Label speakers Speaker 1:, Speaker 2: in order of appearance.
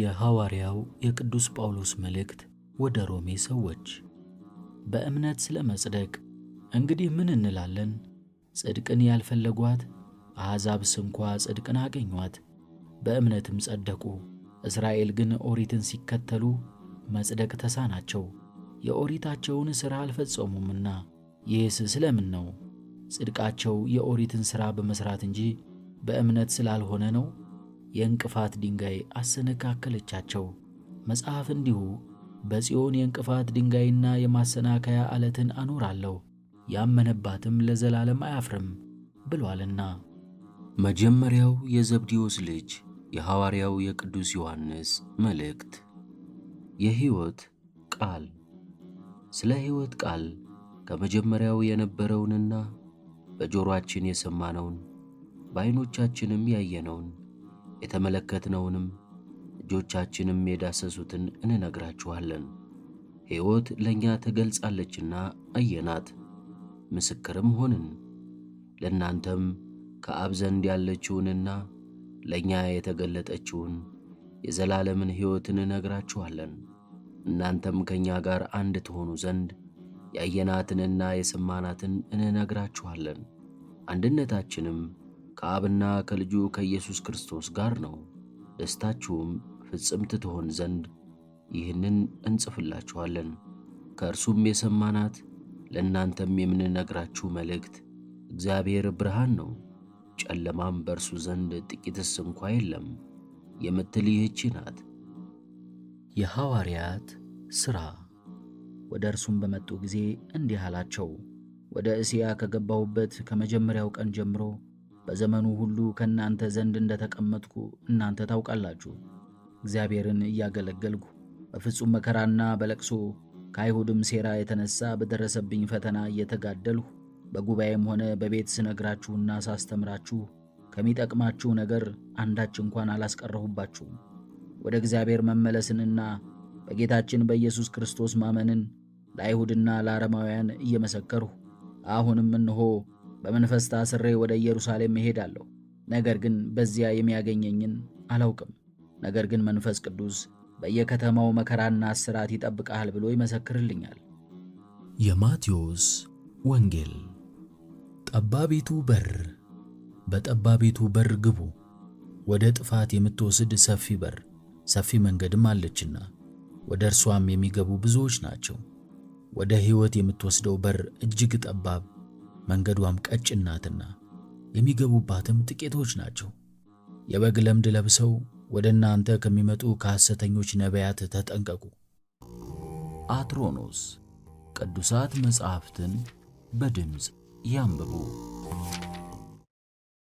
Speaker 1: የሐዋርያው የቅዱስ ጳውሎስ መልእክት ወደ ሮሜ ሰዎች። በእምነት ስለ መጽደቅ። እንግዲህ ምን እንላለን? ጽድቅን ያልፈለጓት አሕዛብስ እንኳ ጽድቅን አገኟት፣ በእምነትም ጸደቁ። እስራኤል ግን ኦሪትን ሲከተሉ መጽደቅ ተሳናቸው፣ የኦሪታቸውን ሥራ አልፈጸሙምና። ይህስ ስለምን ነው? ጽድቃቸው የኦሪትን ሥራ በመሥራት እንጂ በእምነት ስላልሆነ ነው። የእንቅፋት ድንጋይ አሰነካከለቻቸው። መጽሐፍ እንዲሁ በጽዮን የእንቅፋት ድንጋይና የማሰናከያ ዓለትን አኖራለሁ፣ ያመነባትም ለዘላለም አያፍርም ብሏልና። መጀመሪያው የዘብዴዎስ ልጅ የሐዋርያው የቅዱስ ዮሐንስ መልእክት። የሕይወት ቃል ስለ ሕይወት ቃል ከመጀመሪያው የነበረውንና በጆሮአችን የሰማነውን በዐይኖቻችንም ያየነውን የተመለከትነውንም እጆቻችንም የዳሰሱትን እንነግራችኋለን። ሕይወት ለእኛ ተገልጻለችና አየናት፣ ምስክርም ሆንን። ለእናንተም ከአብ ዘንድ ያለችውንና ለእኛ የተገለጠችውን የዘላለምን ሕይወትን እነግራችኋለን። እናንተም ከእኛ ጋር አንድ ትሆኑ ዘንድ ያየናትንና የሰማናትን እንነግራችኋለን። አንድነታችንም ከአብና ከልጁ ከኢየሱስ ክርስቶስ ጋር ነው። ደስታችሁም ፍጽምት ትሆን ዘንድ ይህንን እንጽፍላችኋለን። ከእርሱም የሰማናት ለእናንተም የምንነግራችሁ መልእክት እግዚአብሔር ብርሃን ነው፣ ጨለማም በእርሱ ዘንድ ጥቂትስ እንኳ የለም የምትል ይህቺ ናት።
Speaker 2: የሐዋርያት ሥራ። ወደ እርሱም በመጡ ጊዜ እንዲህ አላቸው፣ ወደ እስያ ከገባሁበት ከመጀመሪያው ቀን ጀምሮ በዘመኑ ሁሉ ከእናንተ ዘንድ እንደተቀመጥኩ እናንተ ታውቃላችሁ። እግዚአብሔርን እያገለገልኩ በፍጹም መከራና በለቅሶ ከአይሁድም ሴራ የተነሳ በደረሰብኝ ፈተና እየተጋደልሁ በጉባኤም ሆነ በቤት ስነግራችሁና ሳስተምራችሁ ከሚጠቅማችሁ ነገር አንዳች እንኳን አላስቀረሁባችሁም። ወደ እግዚአብሔር መመለስንና በጌታችን በኢየሱስ ክርስቶስ ማመንን ለአይሁድና ለአረማውያን እየመሰከርሁ አሁንም እንሆ በመንፈስ ታስሬ ወደ ኢየሩሳሌም እሄዳለሁ፣ ነገር ግን በዚያ የሚያገኘኝን አላውቅም። ነገር ግን መንፈስ ቅዱስ በየከተማው መከራና እስራት ይጠብቃል ብሎ ይመሰክርልኛል።
Speaker 3: የማቴዎስ ወንጌል ጠባቢቱ በር። በጠባቢቱ በር ግቡ፣ ወደ ጥፋት የምትወስድ ሰፊ በር ሰፊ መንገድም አለችና ወደ እርሷም የሚገቡ ብዙዎች ናቸው። ወደ ሕይወት የምትወስደው በር እጅግ ጠባብ መንገዷም ቀጭን ናትና የሚገቡባትም ጥቂቶች ናቸው። የበግ ለምድ ለብሰው ወደ እናንተ ከሚመጡ ከሐሰተኞች ነቢያት ተጠንቀቁ።
Speaker 4: አትሮኖስ ቅዱሳት መጻሕፍትን በድምፅ ያንብቡ።